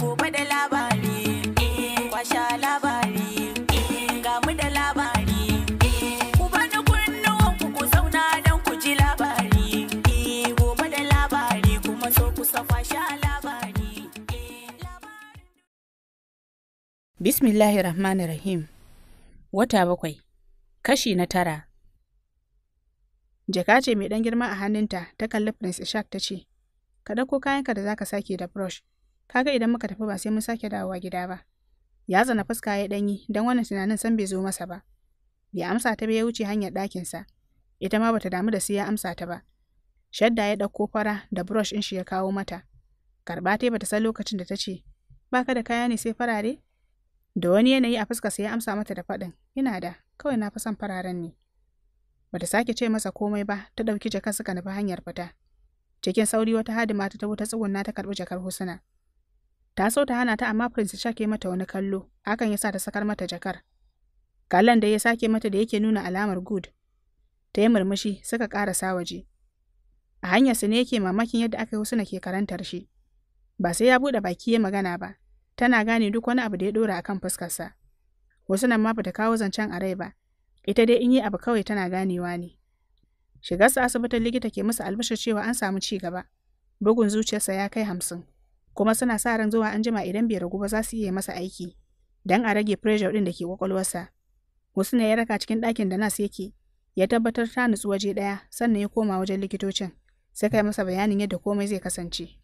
gobe da labari eh, kwasha labari eh, ga mu da labari eh, ku bani kunnuwan ku ku zauna don ku ji labari gobe da labari kuma so ku sa kwasha labari rahim wata bakwai kashi na tara jaka ce mai dan girma a hannunta ta kalli prince ishak ta ce ka ɗauko kayanka da zaka sake da brush Kaga idan muka tafi ba sai mun sake dawowa gida ba. Ya zana fuska ya danyi don wannan tunanin san bai zo masa ba. Bai amsa ta ba ya wuce hanyar ɗakinsa. Ita ma bata damu da sai ya amsa ta ba. Shadda ya ɗauko fara da brush ɗin shi ya kawo mata. Karɓa ta bata san lokacin da ta ce, Baka da kaya ne sai farare? Da wani yanayi a fuska sai ya amsa mata da faɗin, Ina da, kawai na fi son fararen ne. Bata sake ce masa komai ba, ta ɗauki jakar suka nufi hanyar fita. Cikin sauri wata hadima ta tabo ta tsugunna ta karɓi jakar husuna. Ta so ta hana ta amma Prince Charles mata wani kallo, hakan ya sa ta sakar mata jakar. Kallon da ya sake mata da yake nuna alamar good. Ta yi murmushi suka sa waje. A hanyar su ne yake mamakin yadda aka yi wasu na ke karantar shi. Ba sai ya buɗe baki ya magana ba, tana gane duk wani abu da ya ɗora a kan fuskarsa. Wasu nan ma bata kawo zancen a rai ba, ita dai in yi abu kawai tana ganewa ne. Shigarsa asibitin likita ke musu albashar cewa an samu ci gaba. Bugun zuciyarsa ya kai hamsin. kuma suna sa ran zuwa anjima idan bai ragu ba za su iya masa aiki don a rage pressure din da ke kwakwalwarsa. Wasu ne ya raka cikin ɗakin da nas yake ya tabbatar ta nutsu waje ɗaya sannan ya koma wajen likitocin sai kai masa bayanin yadda komai zai kasance.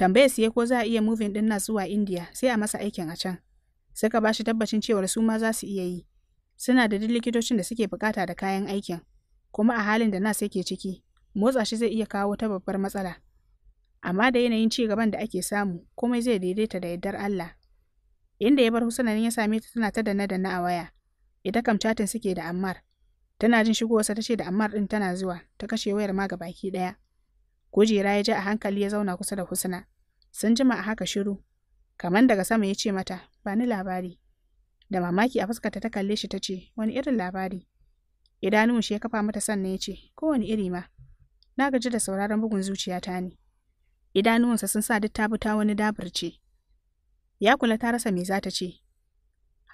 Tambayar siye ko za a iya moving ɗin nas zuwa India sai a masa aikin a can. Suka ba shi tabbacin cewa su ma za su iya yi. Suna da duk likitocin da suke bukata da kayan aikin. Kuma a halin da nas yake ciki, motsa shi zai iya kawo ta babbar matsala. amma da yanayin ci gaban da ake samu komai zai daidaita da yardar Allah inda ya bar ne ya same ta tana ta danna danna a waya ita kam chatin suke da Ammar tana jin shigowarsa ta ce da Ammar din tana zuwa ta kashe wayar ma ga baki daya kujera ya ji a hankali ya zauna kusa da Husna sun jima a haka shiru kaman daga sama ya ce mata ba ni labari da mamaki a fuskarta ta kalle shi tace wani irin labari idanun shi ya kafa mata sannan ya ce kowane iri ma na gaji da sauraron bugun zuciyata ne idanuwansa sun sa duk ta bi ta wani daburce. Ya kula ta rasa me za ta ce.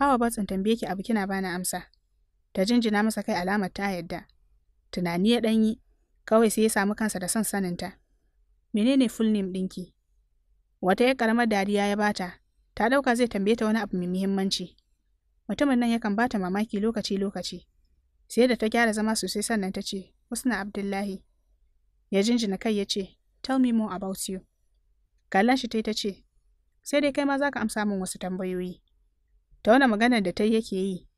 Hawa Batsun tambaye ki abu kina bana amsa. Ta jinjina masa kai alamar ta yadda. Tunani ya ɗanyi, kawai sai ya samu kansa da son saninta. Menene full name ɗinki? Wata ya karamar dariya ya bata, ta ɗauka zai tambaye ta wani abu mai muhimmanci. Mutumin nan yakan bata mamaki lokaci-lokaci. Sai da ta gyara zama sosai sannan ta ce, Husna Abdullahi. Ya jinjina kai ya ce, Tell me more about you. Kallon shi tai ta ce, Sai dai kai ma za ka amsa min wasu tambayoyi. Ta wani maganar da ta yake yi,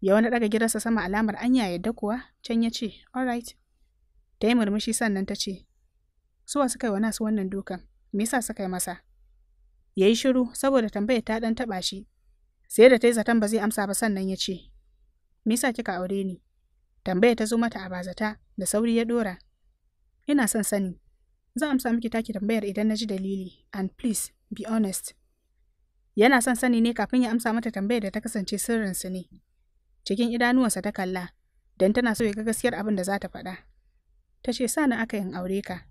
ya wani ɗaga gidansa sama alamar anya yadda kuwa can ya ce, All right. Ta yi murmushi sannan ta ce, wa suka yi wa nasu wannan dukan, me sa suka yi masa? Ya yi shiru saboda tambayar ta ɗan taɓa shi, sai da ta yi zaton ba zai amsa ba sannan ya ce, Me sa kika aure ni? Tambaya ta zo mata a bazata da sauri ya ɗora. Ina son sani, Zan amsa miki taki tambayar idan na ji dalili, and please, be honest. Yana son sani ne kafin ya amsa mata tambayar da ta kasance sirrinsu ne. Cikin idanuwansa ta kalla, don tana so ya ga gaskiyar abin da za ta faɗa. Ta ce sa na aka yin aure ka.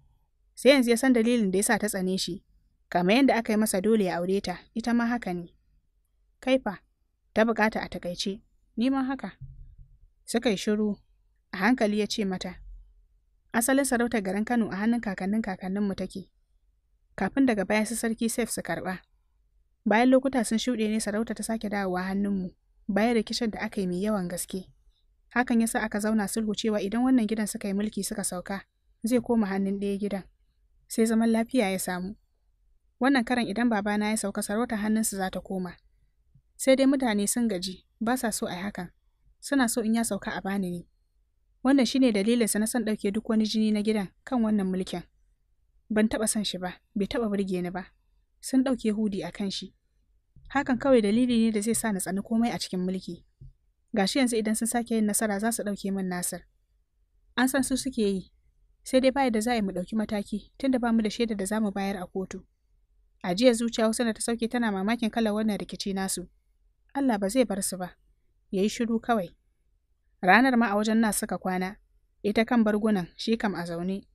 Sai yanzu ya san dalilin da ya sa ta tsane shi, kamar yadda aka yi masa dole ya aure ta, ita ma haka ne. Kaifa, ta bukata a takaice, ni ma haka. Suka yi shiru, a hankali ya ce mata, Asalin sarautar garin Kano a hannun kakannin kakanninmu take. Kafin daga baya su sarki Saif su karba. Bayan lokuta sun shuɗe ne sarauta ta sake dawowa hannunmu, bayan rikicin da aka yi mai yawan gaske. Hakan yasa aka zauna sulhu cewa idan wannan gidan suka yi mulki suka sauka, zai koma hannun ɗaya gidan. Sai zaman lafiya ya samu. Wannan karan idan babana ya sauka sarauta hannunsu za ta koma. Sai dai mutane sun gaji, ba sa so a hakan. Suna so in ya sauka a bani ne. Wannan shine dalilinsa na san dauke duk wani jini na gidan kan wannan mulkin. Ban taɓa son shi ba, bai taɓa burge ni ba. Sun dauke hudi a kan shi. Hakan kawai dalili ne da zai sa na tsani komai a cikin mulki. Gashi yanzu idan sun sake yin nasara za su dauke min Nasir. An san su suke yi, sai dai bayi da za a yi mu ɗauki mataki tunda ba mu da shaida da za mu bayar a kotu. A jiya zuciya wasu da ta sauke tana mamakin kalar wannan rikici nasu. Allah ba zai bar su ba, ya yi shiru kawai. Ranar ma a wajen na suka kwana, ita kan bargunan shi kam a zaune.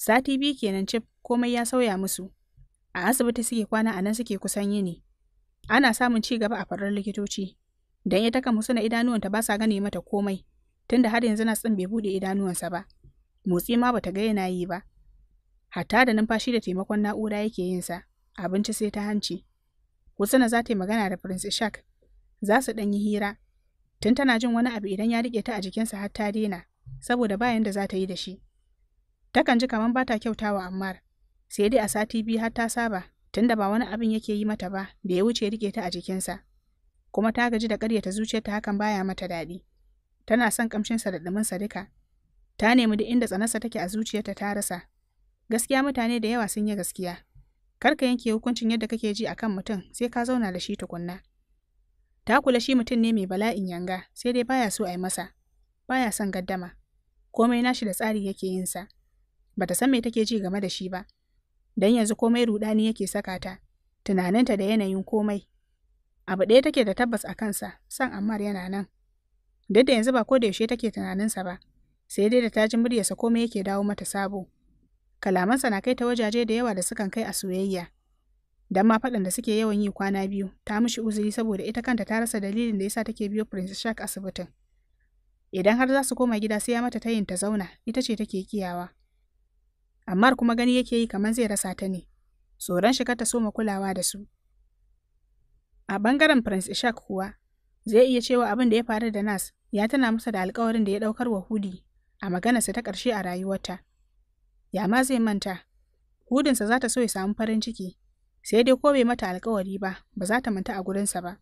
Sati biyu kenan cif komai ya sauya musu. A asibiti suke kwana a nan suke kusan yini. Ana samun ci gaba a farar likitoci. Dan ita kan na idanuwanta ba sa gane mata komai, tunda har yanzu na tsin bai bude idanuwansa ba. Motsi ma bata ga yana yi ba. Hatta da numfashi da taimakon na'ura yake yin sa, abinci sai ta hanci. husana za ta yi magana da Prince Ishak. Za su ɗan yi hira, Tun tana jin wani abu idan ya riƙe ta a jikinsa har ta daina, saboda bayan da za ta yi da shi. Takan ji kamar ba ta kyautawa Ammar, sai dai a sati biyu har ta saba, tunda ba wani abin yake yi mata ba da ya wuce riƙe ta a jikinsa. Kuma ta gaji da ƙaryata zuciyarta hakan baya mata daɗi. Tana son ƙamshinsa da ɗuminsa duka. Ta nemi duk inda tsanarsa take a zuciyarta ta rasa. Gaskiya mutane da yawa sun yi gaskiya. Kar ka yanke hukuncin yadda kake ji akan mutum sai ka zauna da shi tukunna. Ta kula shi mutum ne mai bala'in yanga, sai dai baya so a yi masa. Baya son gaddama. Komai nashi da tsari yake yin sa. Bata san me take ji game da shi ba. Dan yanzu komai rudani yake saka ta. Tunaninta da yanayin komai. Abu ɗaya take da tabbas a kansa, san Ammar yana nan. Duk da yanzu ba ko da yaushe take tunaninsa ba, sai dai da ta ji muryarsa komai yake dawo mata sabo. Kalamansa na kai ta wajaje da yawa da sukan kai a soyayya. Dan ma faɗan da suke yawan yi kwana biyu, ta mishi uzuri saboda ita kanta ta rasa dalilin da yasa take biyo Prince Shark asibitin. Idan har za su koma gida sai ya mata tayin ta zauna, ita ce take kiyawa. amma kuma gani yake yi kamar zai rasa ta ne, tsoron shi ta soma kulawa da su. A bangaren Prince Ishak kuwa, zai iya cewa abin da ya faru da Nas ya tana masa da alkawarin da ya ɗaukar wa Hudi a maganarsa ta ƙarshe a rayuwarta. Ya ma zai manta, sa za ta so ya samu farin ciki, sai dai ko bai mata alkawari ba ba za ta manta a gurinsa ba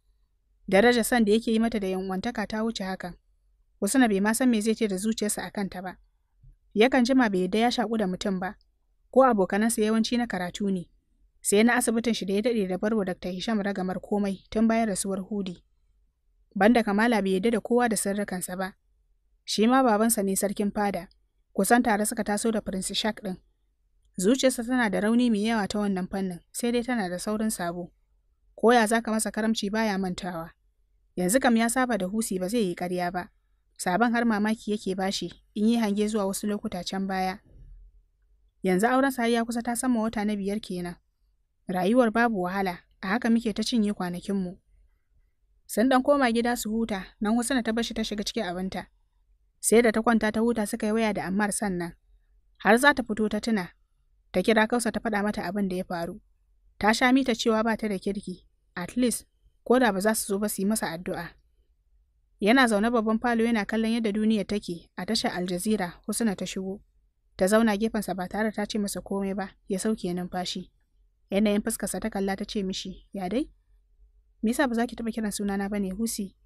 daraja san da yake yi mata da yanwantaka ta wuce hakan na bai ma san me zai ce da zuciyarsa a kanta ba yakan jima bai yadda ya shaku da mutum ba ko abokanansa yawanci na karatu ne sai na asibitin shi da ya daɗe da barwa Dr. Hisham ragamar komai tun bayan rasuwar Hudi. Banda Kamala bai yadda da kowa da sirrikansa ba. Shi ma babansa ne sarkin fada, kusan tare suka taso da Prince Shak ɗin. Zuciyarsa tana da rauni mai yawa ta wannan fannin, sai dai tana da saurin sabo. Koya za ka masa karamci baya mantawa. Yanzu kam ya saba da husi ba zai yi ƙarya ba. Sabon har mamaki yake bashi in yi hange zuwa wasu lokuta can baya. Yanzu auren sa ya kusa ta sama wata na biyar kenan. Rayuwar babu wahala, a haka muke ta cinye kwanakinmu. Sun ɗan koma gida su huta, nan Husna ta bashi ta shiga cikin abinta. Sai da ta kwanta ta huta suka yi waya da Ammar sannan. Har za ta fito ta tuna, ta kira kausa ta faɗa mata abin da ya faru ta sha mita cewa ba ta da kirki at least ko da ba za su zo ba su yi masa addu'a yana zaune babban falo yana kallon yadda duniya take a tashar aljazira husna ta shigo ta zauna gefensa ba tare ta ce masa komai ba ya sauke numfashi yanayin fuskarsa ta kalla ta ce mishi ya dai me yasa ba za ki taɓa kiran sunana ba ne husi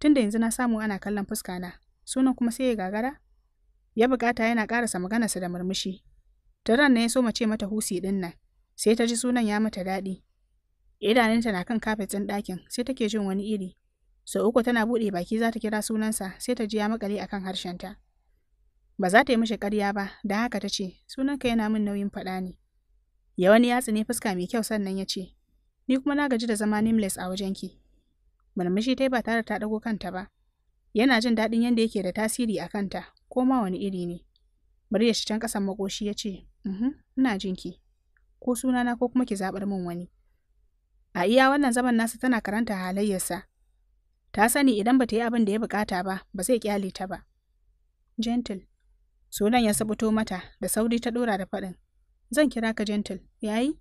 Tunda yanzu na samu ana kallon fuska na, sunan kuma sai ya gagara ya bukata yana ƙarasa maganarsa da murmushi Taran na ya so mace mata husi ɗin nan, sai ta ji sunan ya mata daɗi. Idanunta na kan kafet ɗin ɗakin, sai take jin wani iri. Sau uku tana buɗe baki za ta kira sunansa, sai ta ji ya makale a kan harshenta. Ba za ta yi mishi ƙarya ba, da haka ta ce, sunanka yana min nauyin faɗa ne. Ya wani ya tsine fuska mai kyau sannan ya ce, ni kuma na gaji da zama nameless a wajenki. Murmushi ta yi ba tare ta ɗago kanta ba. Yana jin daɗin yadda yake da tasiri a kanta, ko ma wani iri ne. Muryar shi can ƙasan makoshi ya ce, ina jinki ko sunana ko kuma ki zaɓar min wani a iya wannan zaman nasa tana karanta halayyarsa ta sani idan ba ta yi abin da ya bukata ba ba zai kyale ta ba gentle sunan ya sabuto mata da sauri ta ɗora da faɗin zan kira ka gentle yayi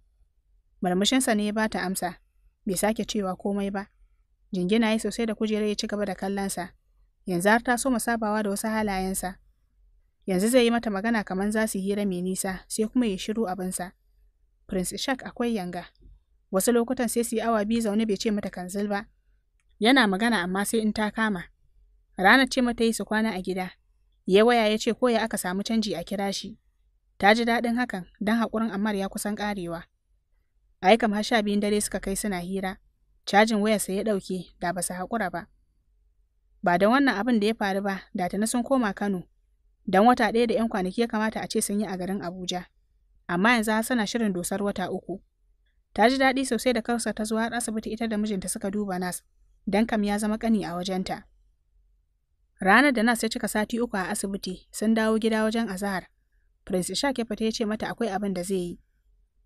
murmushinsa ne ya ba ta amsa bai sake cewa komai ba jingina ya sosai da kujerar ya ci gaba da kallonsa yanzu har ta so sabawa da wasu halayensa Yanzu zai yi mata magana kamar za su hira mai nisa, sai kuma ya shiru abinsa. Prince Ishak akwai yanga. Wasu lokutan sai su yi awa biyu zaune bai ce mata kanzil ba. Yana magana amma sai in ta kama. Rana ce mata yi su kwana a gida. Ya waya ya ce ko ya aka samu canji a kira shi. Ta ji daɗin hakan don haƙurin Ammar ya kusan ƙarewa. A yi kamar sha biyun dare suka kai suna hira. Cajin wayarsa ya ɗauke da ba su haƙura ba. Ba da wannan abin da ya faru ba, da ta na sun koma Kano, don wata ɗaya da 'yan kwanaki ya kamata a ce sun yi a garin Abuja, amma yanzu har sana shirin dosar wata uku. Ta ji daɗi sosai da karsa ta zuwa asibiti ita da mijinta suka duba nas, don kam ya zama ƙani a wajenta. Ranar da nas ya cika sati uku a asibiti sun dawo gida wajen azahar. Prince Ishaq ya fita ya ce mata akwai abin da zai yi.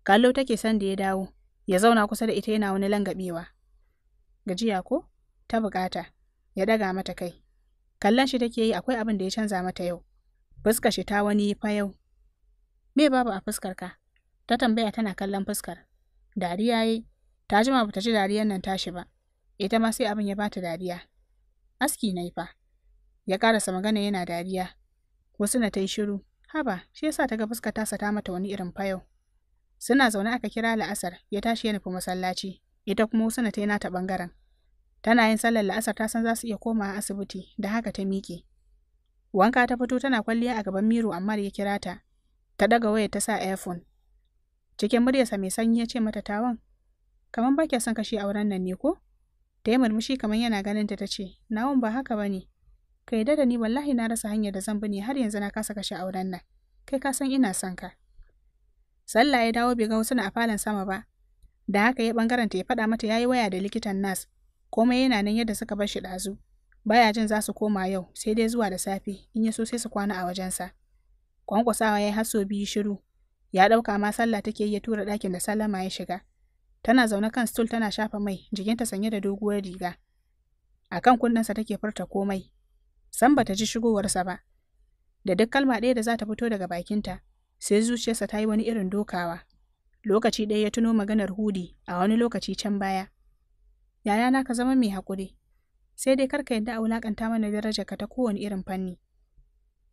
Kallo take son da ya dawo, ya zauna kusa da ita yana wani langabewa. Gajiya ko? Ta bukata. Ya daga mata kai. Kallon shi take yi akwai abin da ya canza mata yau. Fuskar shi ta wani fa fayau. Me babu a fuskar ka? Ta tambaya tana kallon fuskar. Dariya yi, ta jima bata ji dariyar nan tashi ba. Ita ma sai abin ya bata dariya. Aski na fa. Ya karasa magana yana dariya. Wasu na ta yi shiru. Haba, shi yasa ta ga fuskar ta sata mata wani irin fayau. Suna zaune aka kira la'asar, ya tashi ya nufi masallaci. Ita kuma wasu na ta yi nata ɓangaren. Tana yin sallar la'asar ta san za su iya komawa asibiti, da haka ta miƙe. Wanka ta fito tana kwalliya a gaban Miro da ya kira ta. Ta daga wayar ta sa iPhone. Cikin muryarsa mai sanyi ya ce mata tawon? Kaman ba kya son kashe auren nan ne ko? Ta yi murmushi kamar yana ganin ta ce, Nawon ba haka ba ne. Ka yarda da ni wallahi na rasa hanyar da zan bi ne har yanzu na kasa kashe auren nan. Kai ka san ina son ka. Sallah ya dawo bai ga wasu na a falon sama ba. Da haka ya bangaren ta ya faɗa mata ya yi waya da likitan nas. Komai yana nan yadda suka bar shi ɗazu. Baya jin za su koma yau, sai dai zuwa da safe, in ya so sai su kwana a wajensa. Kwankwasawa ya yi haso biyu shiru, ya ɗauka ma sallah take ya tura ɗakin da Salama ya shiga. Tana zaune kan stool tana shafa mai, jikinta sanye da doguwar riga. A kan kundinsa take furta komai. San bata ji shigowarsa ba. Da duk kalma ɗaya da za ta fito daga bakinta, sai zuciyarsa ta yi wani irin dokawa. Lokaci ɗaya ya tuno maganar Hudi a wani lokaci can baya. Yayana ka zama mai haƙuri, sai dai karka yadda a wulakanta mana darajarka ta kowane irin fanni.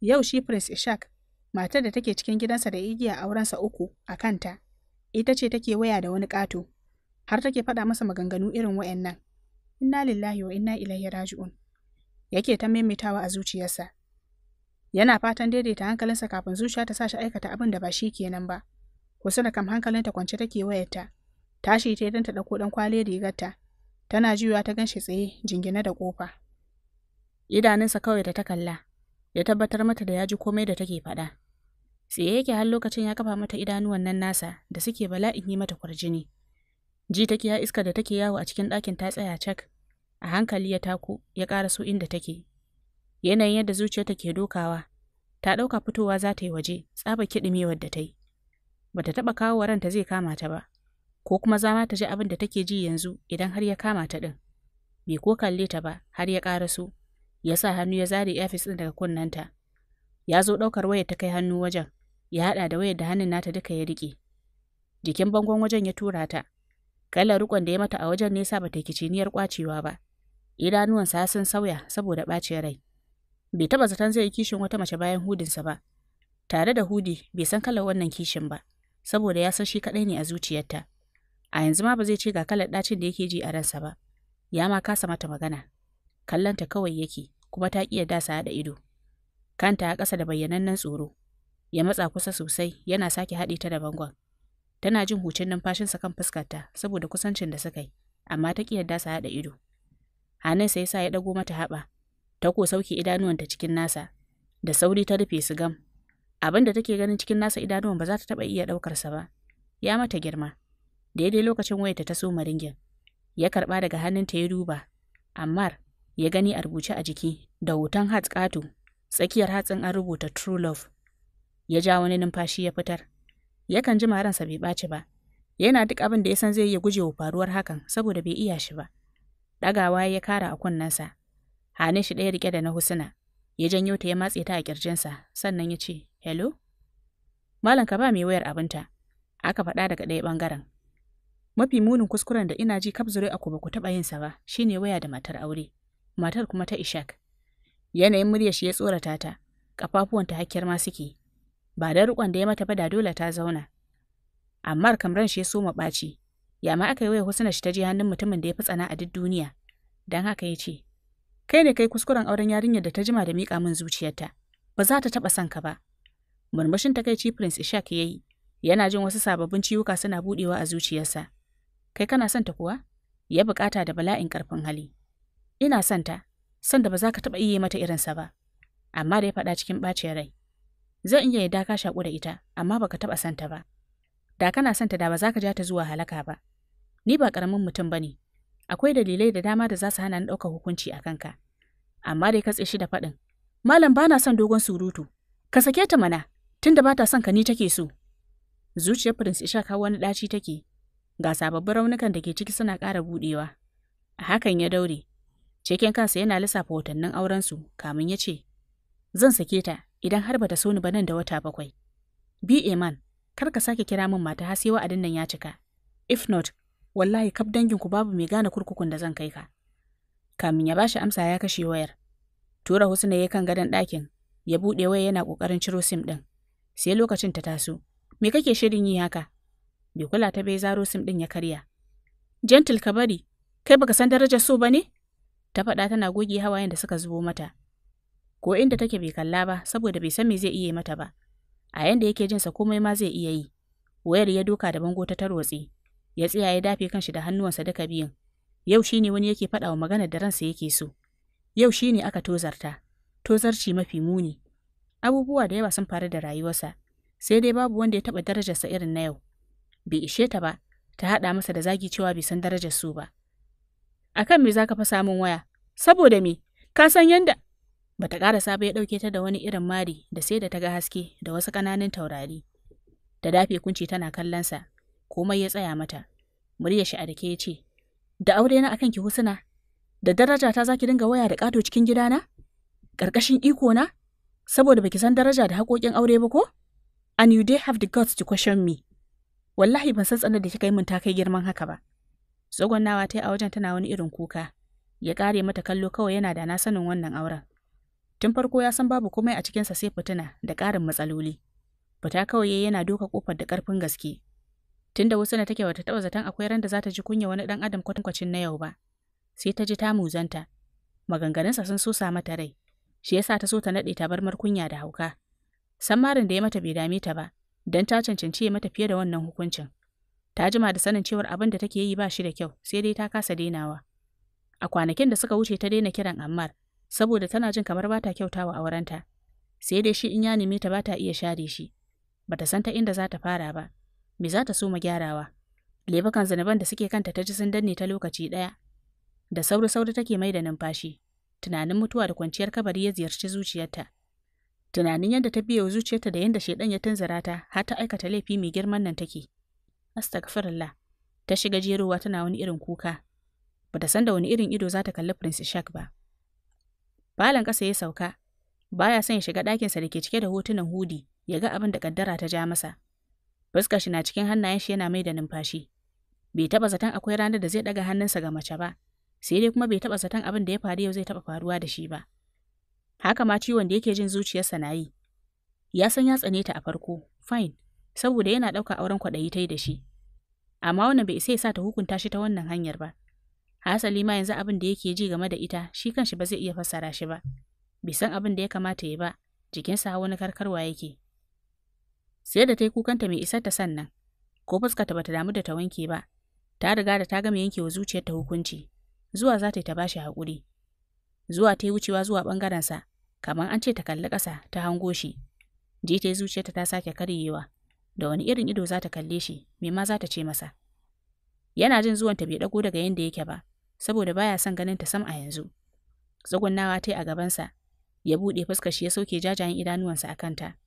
Yau shi Prince Ishak, matar da take cikin gidansa da igiya aurensa uku a kanta, ita ce take waya da wani ƙato, har take faɗa masa maganganu irin wayannan. Inna lillahi wa inna ilaihi raji'un. Yake ta maimaitawa a zuciyarsa. Yana fatan daidaita hankalinsa kafin zuciya ta sa shi aikata abin da ba shi kenan ba. Kusa da kam hankalinta kwance take wayarta. Tashi ta don ta ɗauko ɗan kwale rigarta, Tana juyawa ta ganshi tsaye jingina da ƙofa. Idanunsa kawai da ta kalla, ya tabbatar mata da ya ji komai da take faɗa. Tsaye yake har lokacin ya kafa mata idanuwan nan nasa da suke bala in yi mata kwarjini. Ji ta kiya iska da take yawo a cikin ɗakin ta tsaya cak, a hankali ya taku, ya ƙara so inda take. Yanayin yadda zuciyarta ke dokawa, ta ɗauka fitowa za ta yi waje tsaba kiɗimi da ta yi. Bata taɓa kawo waranta zai kama ta ba, ko kuma za ma ta ji abin da take ji yanzu idan har ya kama ta ɗin. Bai ko kalle ta ba har ya ƙaraso, ya sa hannu ya zare ofis ɗin daga ta Ya zo ɗaukar wayar ta kai hannu wajen, ya haɗa da wayar da hannun nata duka ya riƙe. Jikin bangon wajen ya tura ta. Kalar riƙon da ya mata a wajen nesa ba ta kiciniyar ƙwacewa ba. Idanuwansa sun sauya saboda ɓacin rai. Bai taɓa zaton zai yi kishin wata mace bayan hudinsa ba. Tare da hudi bai san kalar wannan kishin ba, saboda ya san shi kaɗai ne a zuciyarta. A yanzu ma ba zai ce ga kalar ɗacin da yake ji a ransa ba. Ya ma kasa mata magana. Kallanta kawai yake, kuma ta ƙi yarda su haɗa ido. Kanta a ƙasa da bayyanannen tsoro. Ya matsa kusa sosai, yana sake haɗe ta da bangon. Tana jin hucin numfashinsa kan fuskarta saboda kusancin da suka yi, amma ta ƙi yarda sa haɗa ido. Hannunsa ya sa ya ɗago mata haɓa, ta ko sauke idanuwanta cikin nasa, da sauri ta rufe su gam. Abin da take ganin cikin nasa idanuwan ba za ta taɓa iya ɗaukarsa ba, ya mata girma. daidai lokacin wayarta ta soma ringin ya karba daga hannunta ya duba amma ya gani a rubuce a jiki da hoton hats ƙato tsakiyar hatsin an rubuta true love ya ja wani numfashi ya fitar yakan ji ransa bai ɓaci ba yana duk abin da ya san zai iya gujewa faruwar hakan saboda bai iya shi ba ɗagawa ya kara a kunnensa Hane shi ɗaya rike da na husina ya janyo ta ya matse ta a ƙirjinsa. sannan ya ce hello malam ka ba mai wayar abinta aka faɗa daga ɗaya ɓangaren Mafi munin kuskuren da ina ji kaf zure a ba ku taɓa yin sa ba shine waya da matar aure, matar kuma ta Ishak. Yanayin murya shi ya tsorata ta, ƙafafuwanta hakkiyar ma suke. Ba da riƙon da ya mata ba da dole ta zauna. amma kamran shi ya soma ɓaci, ya ma aka yi waya Husna shi ta ji hannun mutumin da ya fi tsana a duk duniya. Don haka ya ce, Kai ne kai kuskuren auren yarinyar da ta jima da miƙa min zuciyarta, ba za ta taɓa son ka ba. Murmushin takaici Prince Ishak ya yi, yana jin wasu sababbin ciwuka suna buɗewa a zuciyarsa. Kai kana son ta kuwa? Ya bukata da bala'in karfin hali. Ina son ta, son da ba za ka taɓa iya mata irinsa ba. Amma da ya faɗa cikin ɓacin rai. Zan iya yadda ka shaku da ita, amma baka taɓa son ta ba. Da kana son ta da ba za ka ja ta zuwa halaka ba. Ni ba ƙaramin mutum ba ne. Akwai dalilai da dama da za su hana ni ɗaukar hukunci a kanka. Amma dai ka shi da faɗin. Malam bana son dogon surutu. Ka sake ta mana, tunda ba ta son ka ni take so. Zuciyar Prince wani ɗaci take, Ga sababbin raunukan da ke ciki suna ƙara buɗewa. A hakan ya daure. Cikin kansa yana lissafa watannin aurensu kamin ya ce, Zan sake ta idan har bata so ni ba nan da wata bakwai. Bi Eman, kar ka sake kira min mata har sai wa'adin nan ya cika. If not, wallahi kaf danginku babu mai gane kurkukun da zan kai ka. Kamin ya bashi amsa ya kashe wayar. Tura Husna ya kan gadon ɗakin, ya buɗe waya yana ƙoƙarin ciro sim ɗin. Sai lokacin ta taso. Me kake shirin yi haka? bai kula ta bai zaro sim ɗin ya karya. Gentle ka bari, kai baka san darajar so ba ne? Ta faɗa tana goge hawayen da suka zubo mata. Ko inda take bai kalla ba saboda bai san me zai iya mata ba. A yanda yake jinsa komai ma zai iya yi. Wayar ya doka da bango ta tarwatse. Ya tsaya ya dafe kanshi da hannuwansa duka biyun. Yau shine wani yake faɗa wa maganar da ransa yake so. Yau shine aka tozarta. Tozarci mafi muni. Abubuwa da yawa sun faru da rayuwarsa. Sai dai babu wanda ya taɓa darajarsa irin na yau. bai ishe ta ba, ta haɗa masa da zagi cewa bai san darajar su ba. Akan me za ka fa samun waya? Saboda me? Ka san yanda? Bata ƙarasa ba ya ɗauke ta da wani irin mari da sai da ta ga haske da wasu ƙananan taurari. Da dafe kunci tana kallonsa, komai ya tsaya mata. Murya shi a dake ya ce, Da aure na akan ki husuna, da daraja ta za ki dinga waya da ƙato cikin gidana? Ƙarƙashin iko na? Saboda baki san daraja da haƙoƙin aure ba ko? And you dare have the guts to question me. wallahi ban san tsanar da kika yi min ta kai girman haka ba tsogonnawa ta yi a wajen tana wani irin kuka ya kare mata kallo kawai yana da na sanin wannan auren tun farko ya san babu komai a cikinsa sai fitina da ƙarin matsaloli fita kawai yana doka kofar da ƙarfin gaske Tun da wasu na take wata taɓa zaton akwai ran da za ta ji kunya wani ɗan adam kwatankwacin na yau ba sai ta ji ta muzanta maganganunsa sun sosa mata rai shi yasa ta so ta naɗe ta bar kunya da hauka sammarin da ya mata bai dame ta ba don ta cancanci mata fiye da wannan hukuncin. Ta jima da sanin cewar abin da take yi ba shi da kyau, sai dai ta kasa dainawa. A kwanakin da suka wuce ta daina kiran Ammar, saboda tana jin kamar ba ta kyautawa aurenta. Sai dai shi in ya neme ta ba ta iya share shi. Ba ta san ta inda za ta fara ba. Me za ta so ma gyarawa? Laifukan zanuban da suke kanta ta ji sun danne ta lokaci ɗaya. Da sauri-sauri take mai da numfashi. Tunanin mutuwa da kwanciyar kabari ya ziyarci zuciyarta. tunanin yadda ta biya zuciyarta da yadda shaidan ya tunzura ta har ta aikata laifi mai girman nan take Astagfirullah. ta shiga jerowa tana wani irin kuka bata san da wani irin ido za ta kalli prince ishak ba balan ƙasa ya sauka baya son ya shiga ɗakinsa da ke cike da hotunan hudi ya ga abin da kaddara ta ja masa fuskar shi na cikin hannayen shi yana mai da numfashi bai taɓa zaton akwai ranar da zai ɗaga hannunsa ga mace ba sai dai kuma bai taɓa zaton abin da ya faru yau zai taba faruwa da shi ba Haka ma ciwon da yake jin zuciyarsa na yi. Ya san ya tsane ta a farko, fine, saboda yana ɗauka auren kwaɗayi ta yi da shi. Amma wannan bai isa ya sa ta hukunta shi ta wannan hanyar ba. Hasali ma yanzu abin da yake ji game da ita shi kanshi ba zai iya fassara shi ba. Bai san abin da ya kamata ya ba, jikinsa hawa na karkarwa yake. Sai da ta yi kukanta mai isar ta sannan, ko ta bata damu da ta wanke ba, ta riga da ta gama yanke wa ta hukunci, zuwa za ta yi ta bashi haƙuri. Zuwa ta yi wucewa zuwa ɓangarensa, kamar an ce ta kalli ƙasa ta hango shi ji ta zuciyarta ta sake karyewa da wani irin ido za ta kalle shi me ma za ta ce masa yana jin zuwan ta bai ɗago daga yanda yake ba saboda baya son ganin ta sam a yanzu tsugunnawa ta yi a gabansa ya buɗe fuska shi ya sauke jajayen idanuwansa a kanta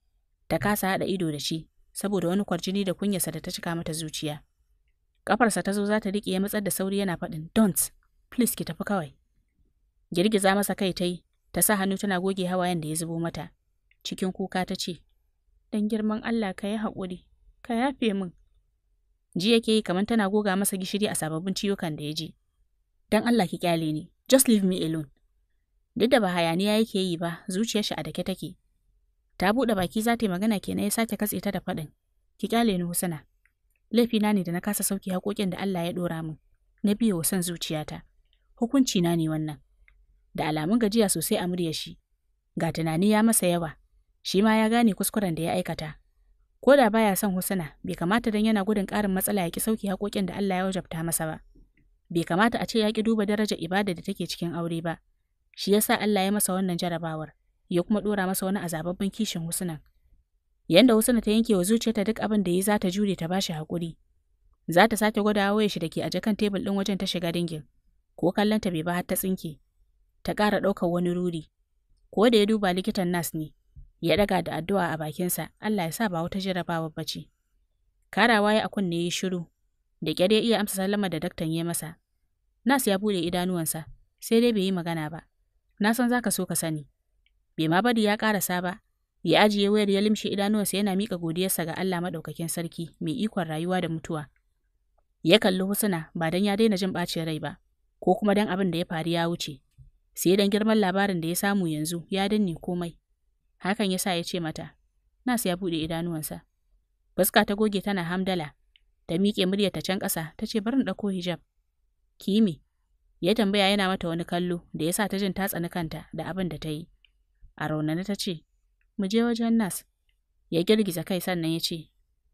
ta kasa haɗa ido da shi saboda wani kwarjini da kunyarsa da ta cika mata zuciya Ƙafarsa ta zo za ta riƙe ya matsar da sauri yana faɗin don't please ki tafi kawai girgiza masa kai ta yi ta sa hannu tana goge hawayen da ya zubo mata. Cikin kuka ta ce, Dan girman Allah ka yi haƙuri, ka yafe min. Ji yake yi kamar tana goga masa gishiri a sababbin ciwukan da ya ji. Dan Allah ki kyale ni, just leave me alone. Duk da ba hayaniya yake yi ba, zuciyar shi a dake take. Ta buɗe baki za ta yi magana kenan ya sake katse ta da faɗin. Ki kyale ni laifi Laifina ne da na kasa sauki haƙoƙin da Allah ya ɗora min. Na biye wa son zuciyata. Hukunci na ne wannan. da alamun gajiya sosai a murya shi. Ga tunani ya masa yawa, shi ma ya gane kuskuren da ya aikata. Ko da baya son husuna, bai kamata dan yana gudun ƙarin matsala ya ki sauki haƙoƙin da Allah ya wajabta masa ba. Bai kamata a ce ya ki duba darajar ibada da take cikin aure ba. Shi yasa Allah ya masa wannan jarabawar, ya kuma ɗora masa wani azababban kishin husunan. Yanda Husna ta yanke wa zuciyarta duk abin da ya za ta jure ta bashi haƙuri. Za ta sake gwadawa wayar shi da ke aje kan tebul ɗin wajen ta shiga dingin. Ko kallon ta bai ba har ta tsinke. ta ƙara ɗaukar wani ruri. Ko da ya duba likitan nas ne, ya ɗaga da addu'a a bakinsa, Allah ya sa ba wata jarabawa ba ce. Karawa ya a kunne ya shiru, da ƙyar ya iya amsa sallama da daktan ya masa. Nas ya buɗe idanuwansa, sai dai bai yi magana ba. Na san za ka so ka sani. Bai ma bari ya ƙarasa ba, ya ajiye wayar ya limshe idanuwansa yana miƙa godiyarsa ga Allah maɗaukakin sarki mai ikon rayuwa da mutuwa. Ya kalli husuna. ba don ya daina jin ɓacin rai ba, ko kuma don abin da ya faru ya wuce, sai dan girman labarin da ya samu yanzu ya danne komai. Hakan ya sa ya ce mata, Nas ya buɗe idanuwansa. Fuska ta goge tana hamdala, ta miƙe murya ta can ƙasa ta ce barin ɗauko hijab. Kimi, ya tambaya yana mata wani kallo da ya sa ta jin ta tsani kanta da abin da ta yi. A raunana ta ce, Mu je wajen Nas. Ya girgiza kai sannan ya ce,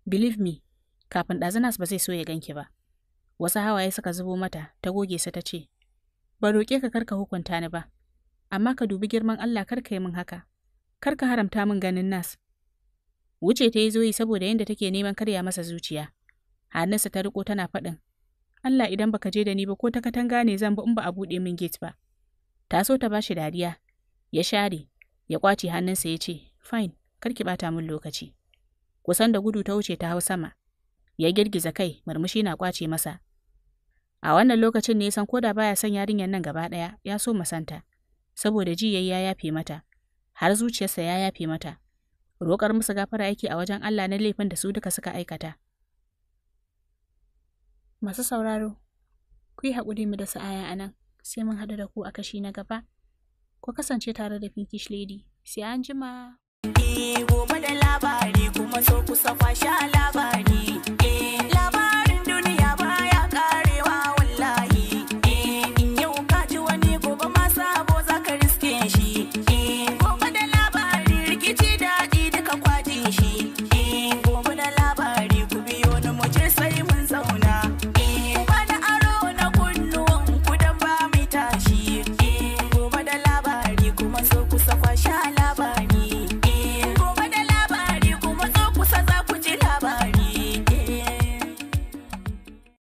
Believe me, kafin ɗazu Nas ba zai so ya ganki ba. Wasu hawaye suka zubo mata, ta goge su ta ce, Ba roƙe ka karka hukunta ni ba, amma ka dubi girman Allah kar ka yi min haka, Kar ka haramta min ganin nas. Wuce ta yi zoyi saboda yadda take neman karya masa zuciya. Hannunsa ta riko tana faɗin, Allah idan baka je da ni ba ko ta katanga ne zan ba in ba a buɗe min gate ba. Ta so ta bashi dariya, ya share, ya kwace hannunsa ya ce, Fine, kar ki bata min lokaci. Kusan da gudu ta wuce ta hau sama, ya girgiza kai murmushi na kwace masa A wannan lokacin ne ya san koda baya son yarinyar nan gaba ɗaya, ya so masanta, saboda ji ya yafe mata, har zuciyarsa ya yafe mata. Roƙar musu gafara yake a wajen Allah na laifin da su duka suka aikata. Masu sauraro, ku yi haƙuri mu da sa'aya a nan, sai mun haɗu da ku a kashi na gaba. Ku kasance tare da Pinkish Lady, sai an jima. Eh, gobe da labari kuma so safa sha labari.